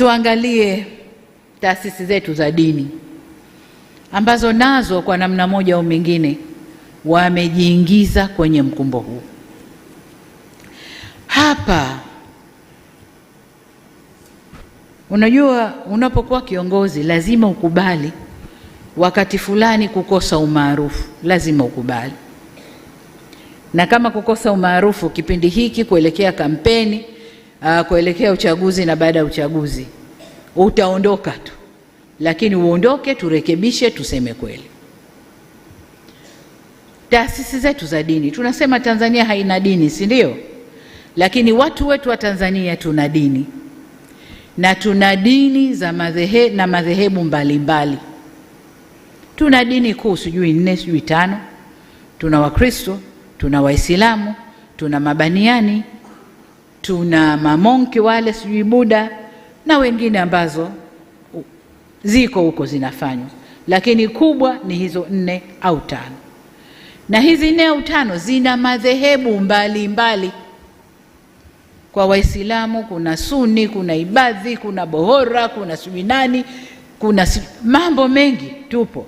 Tuangalie taasisi zetu za dini ambazo nazo kwa namna moja au mingine wamejiingiza kwenye mkumbo huu. Hapa unajua, unapokuwa kiongozi lazima ukubali wakati fulani kukosa umaarufu, lazima ukubali. Na kama kukosa umaarufu kipindi hiki kuelekea kampeni uh, kuelekea uchaguzi na baada ya uchaguzi utaondoka tu, lakini uondoke, turekebishe, tuseme kweli. Taasisi zetu za dini, tunasema Tanzania haina dini, si ndio? Lakini watu wetu wa Tanzania tuna dini na tuna dini za madhehe, na madhehebu mbalimbali. Tuna dini kuu sijui nne sijui tano. Tuna Wakristo, tuna Waislamu, tuna mabaniani tuna mamonki wale sijui Buda na wengine ambazo ziko huko zinafanywa, lakini kubwa ni hizo nne au tano, na hizi nne au tano zina madhehebu mbalimbali mbali. Kwa Waislamu kuna Suni, kuna Ibadhi, kuna Bohora, kuna nani, kuna mambo mengi tupo,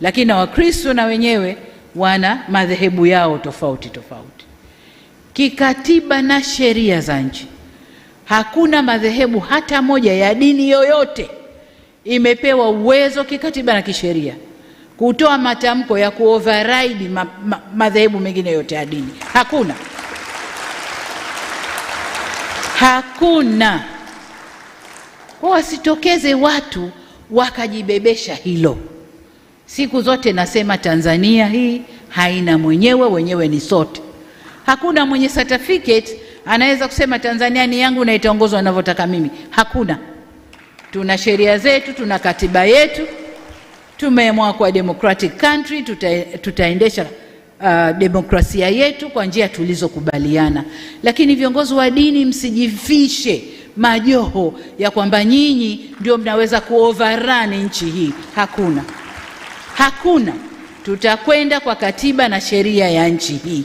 lakini na Wakristo na wenyewe wana madhehebu yao tofauti tofauti kikatiba na sheria za nchi. Hakuna madhehebu hata moja ya dini yoyote imepewa uwezo kikatiba na kisheria kutoa matamko ya override ma, ma, madhehebu mengine yote ya dini. Hakuna, hakuna. Kwa wasitokeze watu wakajibebesha hilo. Siku zote nasema Tanzania hii haina mwenyewe, wenyewe ni sote. Hakuna mwenye certificate anaweza kusema Tanzania ni yangu na itaongozwa ninavyotaka mimi. Hakuna. Tuna sheria zetu, tuna katiba yetu, tumeamua kwa democratic country, tuta, tutaendesha uh, demokrasia yetu kwa njia tulizokubaliana. Lakini viongozi wa dini, msijifishe majoho ya kwamba nyinyi ndio mnaweza kuoverrun nchi hii. Hakuna, hakuna. Tutakwenda kwa katiba na sheria ya nchi hii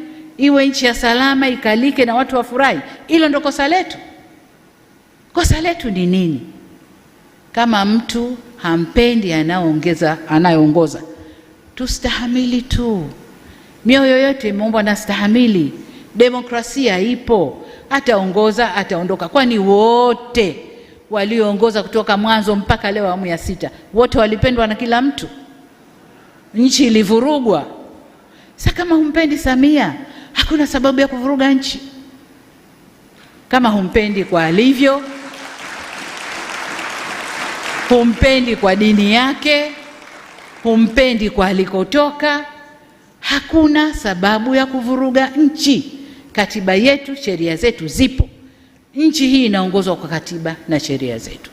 iwe nchi ya salama, ikalike na watu wafurahi. Hilo ndo kosa letu. Kosa letu ni nini? Kama mtu hampendi anaongeza anayeongoza, tustahamili tu. Mioyo yote imeumbwa na stahamili. Demokrasia ipo, ataongoza ataondoka. Kwani wote walioongoza kutoka mwanzo mpaka leo awamu ya sita, wote walipendwa na kila mtu? Nchi ilivurugwa. Sasa kama humpendi Samia Hakuna sababu ya kuvuruga nchi. Kama humpendi kwa alivyo, humpendi kwa dini yake, humpendi kwa alikotoka, hakuna sababu ya kuvuruga nchi. Katiba yetu, sheria zetu zipo. Nchi hii inaongozwa kwa katiba na sheria zetu.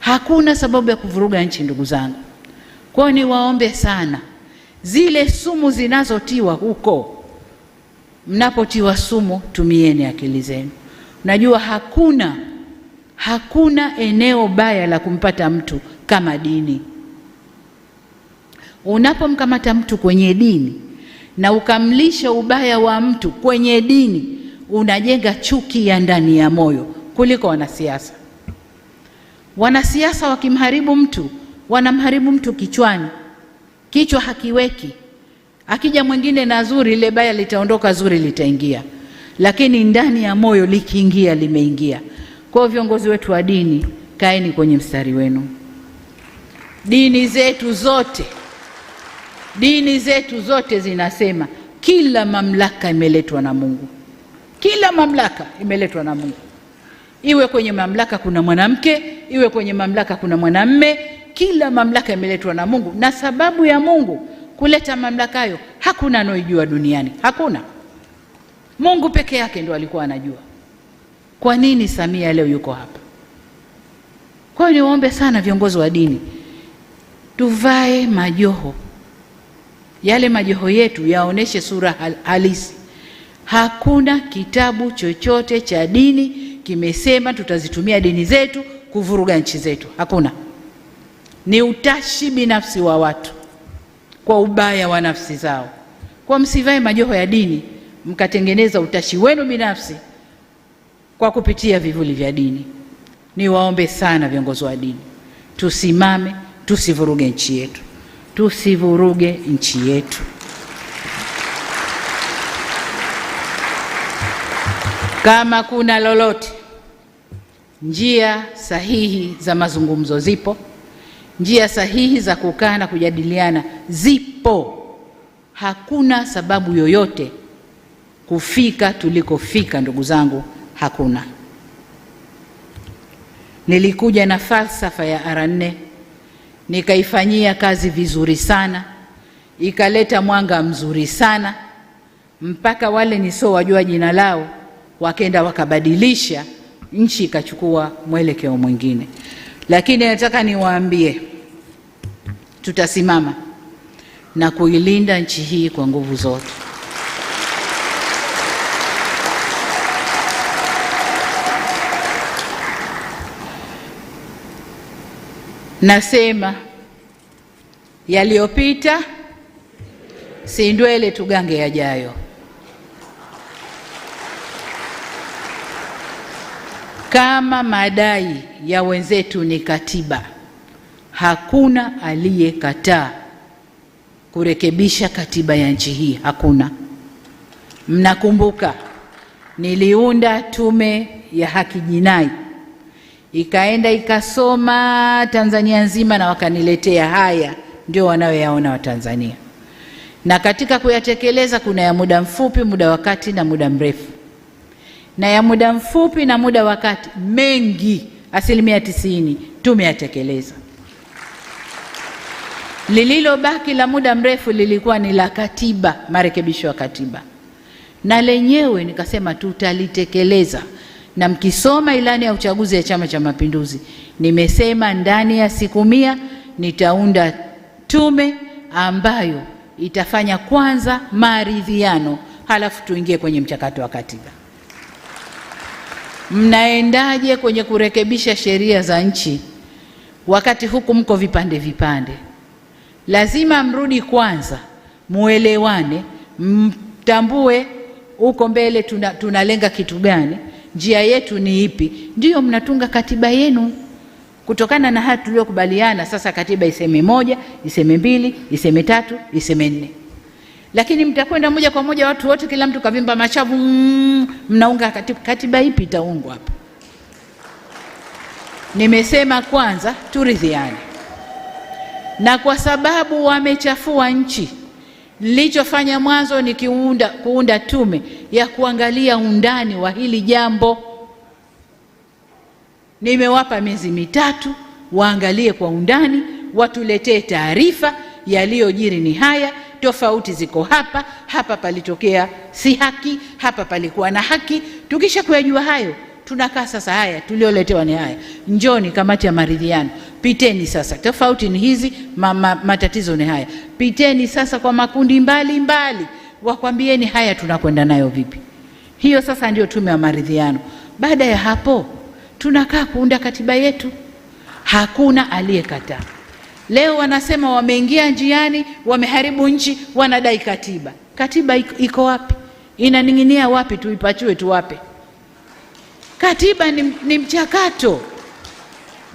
Hakuna sababu ya kuvuruga nchi, ndugu zangu. Kwa hiyo niwaombe sana, zile sumu zinazotiwa huko Mnapotiwa sumu tumieni akili zenu. Najua hakuna hakuna eneo baya la kumpata mtu kama dini. Unapomkamata mtu kwenye dini na ukamlisha ubaya wa mtu kwenye dini, unajenga chuki ya ndani ya moyo kuliko wanasiasa. Wanasiasa wakimharibu mtu, wanamharibu mtu kichwani, kichwa hakiweki Akija mwingine na zuri, ile baya litaondoka, zuri litaingia, lakini ndani ya moyo likiingia, limeingia. Kwa hiyo viongozi wetu wa dini, kaeni kwenye mstari wenu. Dini zetu zote, dini zetu zote zinasema kila mamlaka imeletwa na Mungu, kila mamlaka imeletwa na Mungu. Iwe kwenye mamlaka kuna mwanamke, iwe kwenye mamlaka kuna mwanamme, kila mamlaka imeletwa na Mungu na sababu ya Mungu kuleta mamlaka hayo hakuna anaijua duniani, hakuna. Mungu peke yake ndo alikuwa anajua. Kwa nini Samia leo yuko hapa? Kwa hiyo niwaombe sana viongozi wa dini, tuvae majoho yale, majoho yetu yaoneshe sura hal halisi. Hakuna kitabu chochote cha dini kimesema tutazitumia dini zetu kuvuruga nchi zetu, hakuna. Ni utashi binafsi wa watu kwa ubaya wa nafsi zao. Kwa msivae majoho ya dini mkatengeneza utashi wenu binafsi kwa kupitia vivuli vya dini. Niwaombe sana viongozi wa dini, tusimame, tusivuruge nchi yetu, tusivuruge nchi yetu. Kama kuna lolote, njia sahihi za mazungumzo zipo. Njia sahihi za kukaa na kujadiliana zipo. Hakuna sababu yoyote kufika tulikofika, ndugu zangu, hakuna. Nilikuja na falsafa ya R4 nikaifanyia kazi vizuri sana, ikaleta mwanga mzuri sana mpaka wale nisiowajua jina lao wakenda wakabadilisha nchi, ikachukua mwelekeo mwingine. Lakini nataka niwaambie tutasimama na kuilinda nchi hii kwa nguvu zote. Nasema yaliyopita si ndwele, tugange yajayo. Kama madai ya wenzetu ni katiba, hakuna aliyekataa kurekebisha katiba ya nchi hii, hakuna. Mnakumbuka niliunda tume ya haki jinai, ikaenda ikasoma Tanzania nzima, na wakaniletea haya ndio wanayoyaona Watanzania, na katika kuyatekeleza kuna ya muda mfupi, muda wa kati na muda mrefu na ya muda mfupi na muda wa kati, mengi asilimia tisini tumeyatekeleza. Lililobaki la muda mrefu lilikuwa ni la katiba, marekebisho ya katiba, na lenyewe nikasema tutalitekeleza. Na mkisoma ilani ya uchaguzi ya Chama cha Mapinduzi, nimesema ndani ya siku mia nitaunda tume ambayo itafanya kwanza maridhiano, halafu tuingie kwenye mchakato wa katiba mnaendaje kwenye kurekebisha sheria za nchi wakati huku mko vipande vipande? Lazima mrudi kwanza, muelewane, mtambue huko mbele tuna, tunalenga kitu gani, njia yetu ni ipi, ndiyo mnatunga katiba yenu kutokana na haya tuliyokubaliana. Sasa katiba iseme moja, iseme mbili, iseme tatu, iseme nne lakini mtakwenda moja kwa moja watu wote, kila mtu kavimba mashavu mm, mnaunga katiba. Katiba ipi itaungwa hapa? Nimesema kwanza turidhiane, na kwa sababu wamechafua nchi, nilichofanya mwanzo ni kiunda, kuunda tume ya kuangalia undani wa hili jambo. Nimewapa miezi mitatu waangalie kwa undani, watuletee taarifa, yaliyojiri ni haya tofauti ziko hapa hapa, palitokea si haki, hapa palikuwa na haki. Tukisha kuyajua hayo, tunakaa sasa, haya tulioletewa ni haya, njoni kamati ya maridhiano, piteni sasa, tofauti ni hizi ma, ma, matatizo ni haya, piteni sasa kwa makundi mbalimbali, wakwambieni haya tunakwenda nayo vipi. Hiyo sasa ndio tume ya maridhiano. Baada ya hapo, tunakaa kuunda katiba yetu, hakuna aliyekataa. Leo wanasema wameingia njiani, wameharibu nchi, wanadai katiba. Katiba iko wapi? Inaning'inia wapi? Tuipachue tu wape? Katiba ni, ni mchakato,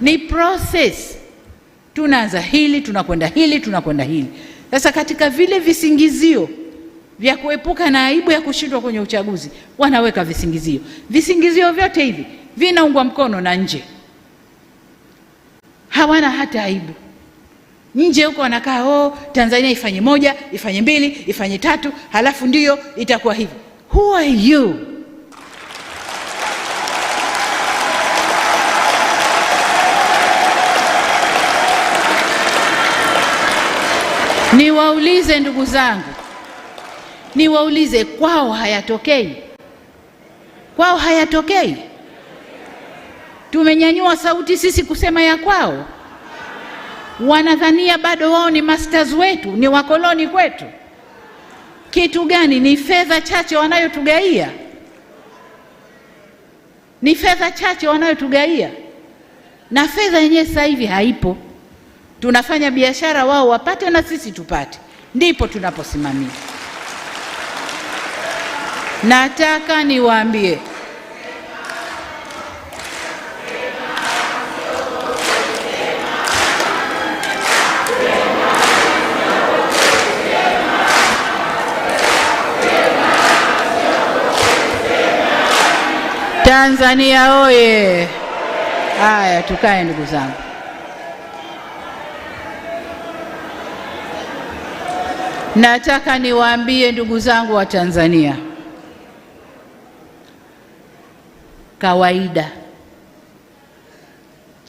ni process. Tunaanza hili, tunakwenda hili, tunakwenda hili. Sasa katika vile visingizio vya kuepuka na aibu ya kushindwa kwenye uchaguzi, wanaweka visingizio. Visingizio vyote hivi vinaungwa mkono na nje, hawana hata aibu. Nje huko wanakaa oh, Tanzania ifanye moja, ifanye mbili, ifanye tatu, halafu ndiyo itakuwa hivi. Who are you? Niwaulize ndugu zangu, niwaulize, kwao hayatokei? Kwao hayatokei? Tumenyanyua sauti sisi kusema ya kwao wanadhania bado wao ni masters wetu, ni wakoloni kwetu. Kitu gani? Ni fedha chache wanayotugaia, ni fedha chache wanayotugaia, na fedha yenyewe sasa hivi haipo. Tunafanya biashara, wao wapate na sisi tupate, ndipo tunaposimamia. Nataka niwaambie Tanzania oye! Haya, tukae ndugu zangu. Nataka niwaambie ndugu zangu wa Tanzania, kawaida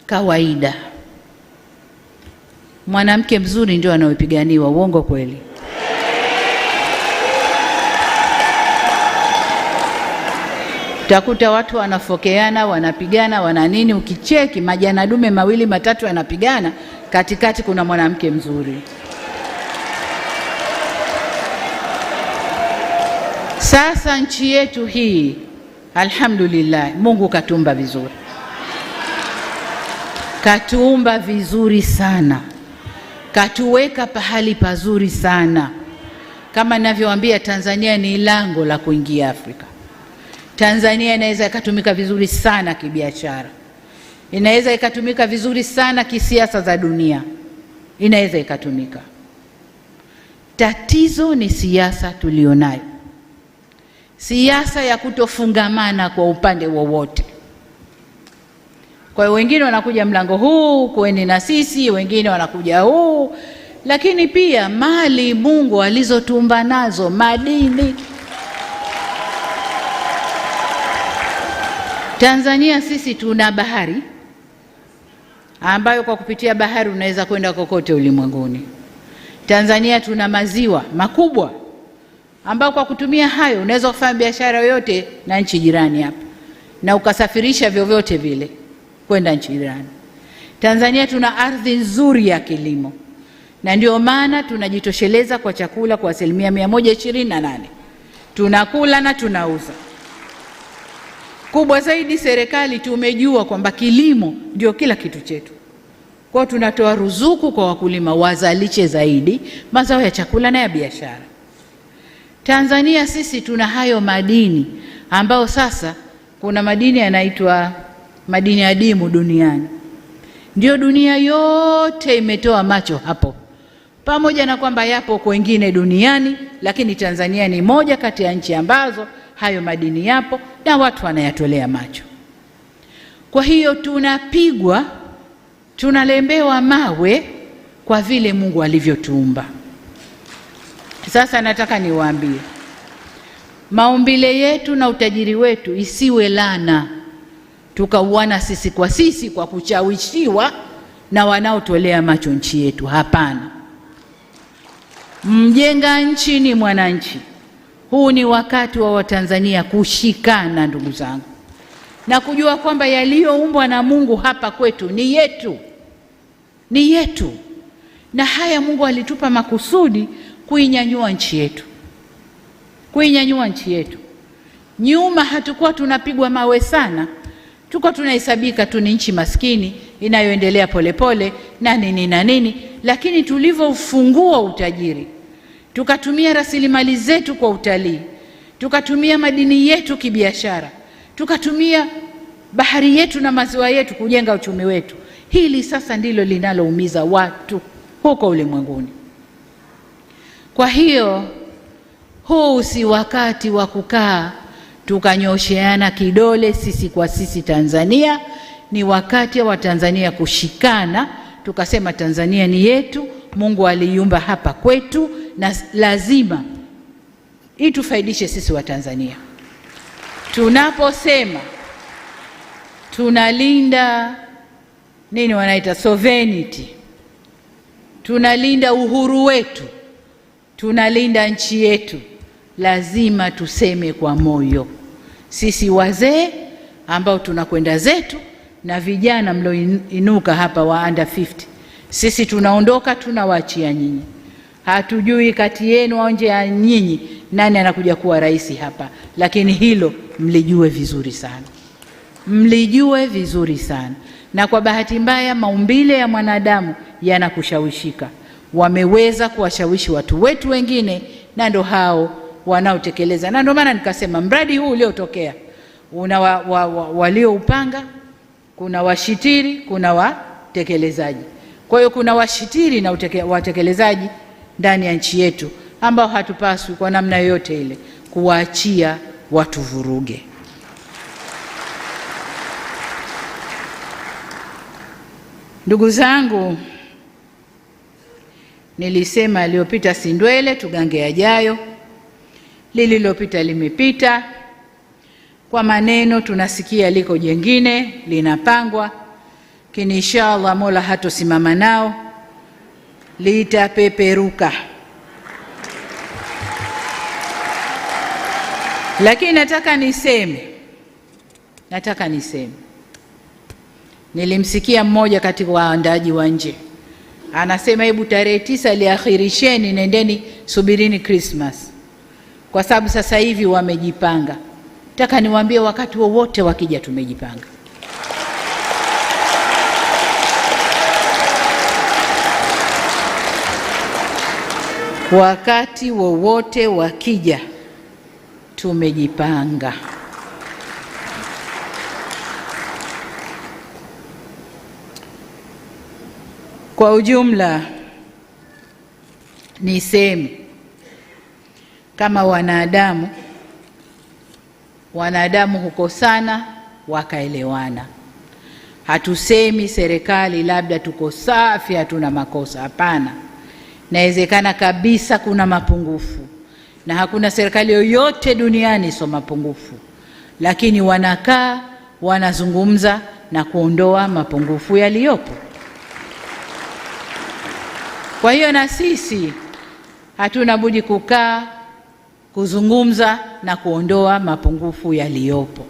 kawaida, mwanamke mzuri ndio anaopiganiwa. Uongo kweli? Utakuta watu wanafokeana, wanapigana, wana nini. Ukicheki majana dume mawili matatu yanapigana, katikati kuna mwanamke mzuri. Sasa nchi yetu hii alhamdulillah, Mungu katumba vizuri, katuumba vizuri sana, katuweka pahali pazuri sana. Kama ninavyowaambia, Tanzania ni lango la kuingia Afrika. Tanzania inaweza ikatumika vizuri sana kibiashara, inaweza ikatumika vizuri sana kisiasa za dunia, inaweza ikatumika. Tatizo ni siasa tulionayo, siasa ya kutofungamana kwa upande wowote. Kwa hiyo wengine wanakuja mlango huu, kueni na sisi, wengine wanakuja huu, lakini pia mali Mungu alizotumba nazo madini Tanzania sisi tuna bahari ambayo kwa kupitia bahari unaweza kwenda kokote ulimwenguni. Tanzania tuna maziwa makubwa ambayo kwa kutumia hayo unaweza kufanya biashara yoyote na nchi jirani hapa na ukasafirisha vyovyote vile kwenda nchi jirani. Tanzania tuna ardhi nzuri ya kilimo na ndio maana tunajitosheleza kwa chakula kwa asilimia mia moja ishirini na nane tunakula na tunauza. Kubwa zaidi, serikali tumejua kwamba kilimo ndio kila kitu chetu, kwao tunatoa ruzuku kwa wakulima wazalishe zaidi mazao ya chakula na ya biashara. Tanzania sisi tuna hayo madini ambayo sasa kuna madini yanaitwa madini adimu duniani, ndio dunia yote imetoa macho hapo, pamoja na kwamba yapo kwengine duniani, lakini Tanzania ni moja kati ya nchi ambazo hayo madini yapo na watu wanayatolea macho. Kwa hiyo tunapigwa, tunalembewa mawe kwa vile Mungu alivyotuumba. Sasa nataka niwaambie maumbile yetu na utajiri wetu isiwe lana, tukauana sisi kwa sisi kwa kushawishiwa na wanaotolea macho nchi yetu. Hapana, mjenga nchi ni mwananchi. Huu ni wakati wa Watanzania kushikana, ndugu zangu, na kujua kwamba yaliyoumbwa na Mungu hapa kwetu ni yetu, ni yetu, na haya Mungu alitupa makusudi kuinyanyua nchi yetu, kuinyanyua nchi yetu. Nyuma hatukuwa tunapigwa mawe sana, tuko tunahesabika tu ni nchi maskini inayoendelea polepole na nini na nini, lakini tulivyofungua utajiri tukatumia rasilimali zetu kwa utalii, tukatumia madini yetu kibiashara, tukatumia bahari yetu na maziwa yetu kujenga uchumi wetu. Hili sasa ndilo linaloumiza watu huko ulimwenguni. Kwa hiyo huu si wakati wa kukaa tukanyosheana kidole sisi kwa sisi Tanzania. Ni wakati wa Tanzania kushikana, tukasema Tanzania ni yetu. Mungu aliiumba hapa kwetu na lazima itufaidishe sisi Watanzania. Tunaposema tunalinda nini, wanaita sovereignty, tunalinda uhuru wetu, tunalinda nchi yetu, lazima tuseme kwa moyo, sisi wazee ambao tunakwenda zetu na vijana mlioinuka hapa wa under 50 sisi tunaondoka tunawaachia nyinyi, hatujui kati yenu au nje ya nyinyi nani anakuja kuwa rais hapa, lakini hilo mlijue vizuri sana, mlijue vizuri sana. Na kwa bahati mbaya maumbile ya mwanadamu yanakushawishika, wameweza kuwashawishi watu wetu wengine, na ndo hao wanaotekeleza. Na ndo maana nikasema mradi huu uliotokea una wa, wa, wa, walioupanga, kuna washitiri, kuna watekelezaji. Kwa hiyo kuna washitiri na uteke, watekelezaji ndani ya nchi yetu ambao hatupaswi kwa namna yoyote ile kuwaachia watu vuruge. Ndugu zangu, nilisema iliyopita si ndwele, tugange yajayo. Lililopita limepita. Kwa maneno tunasikia liko jengine linapangwa lakini insha Allah Mola hatosimama nao, litapeperuka. Lakini nataka niseme, nataka niseme, nilimsikia mmoja kati wa waandaaji wa nje anasema, hebu tarehe tisa liakhirisheni, nendeni subirini Krismas kwa sababu sasa hivi wamejipanga. Nataka niwaambie, wakati wowote wakija tumejipanga. wakati wowote wakija, tumejipanga. Kwa ujumla, niseme kama wanadamu, wanadamu hukosana wakaelewana. Hatusemi serikali labda tuko safi, hatuna makosa. Hapana. Inawezekana kabisa kuna mapungufu, na hakuna serikali yoyote duniani sio mapungufu, lakini wanakaa wanazungumza na kuondoa mapungufu yaliyopo. Kwa hiyo na sisi hatuna budi kukaa kuzungumza na kuondoa mapungufu yaliyopo.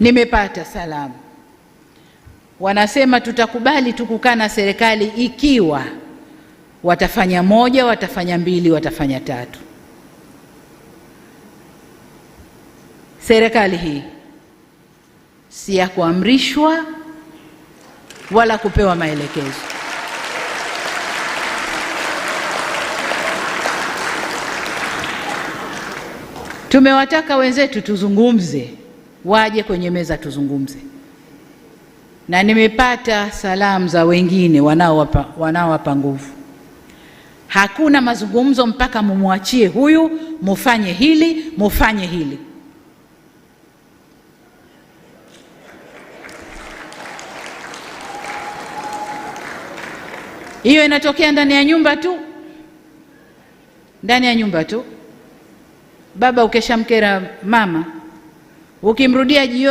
Nimepata salamu wanasema tutakubali tu kukaa na serikali ikiwa watafanya moja, watafanya mbili, watafanya tatu. Serikali hii si ya kuamrishwa wala kupewa maelekezo. Tumewataka wenzetu tuzungumze, waje kwenye meza tuzungumze na nimepata salamu za wengine wanaowapa wanaowapa nguvu. Hakuna mazungumzo mpaka mumwachie huyu, mufanye hili mufanye hili. Hiyo inatokea ndani ya nyumba tu, ndani ya nyumba tu. Baba ukeshamkera mama, ukimrudia jioni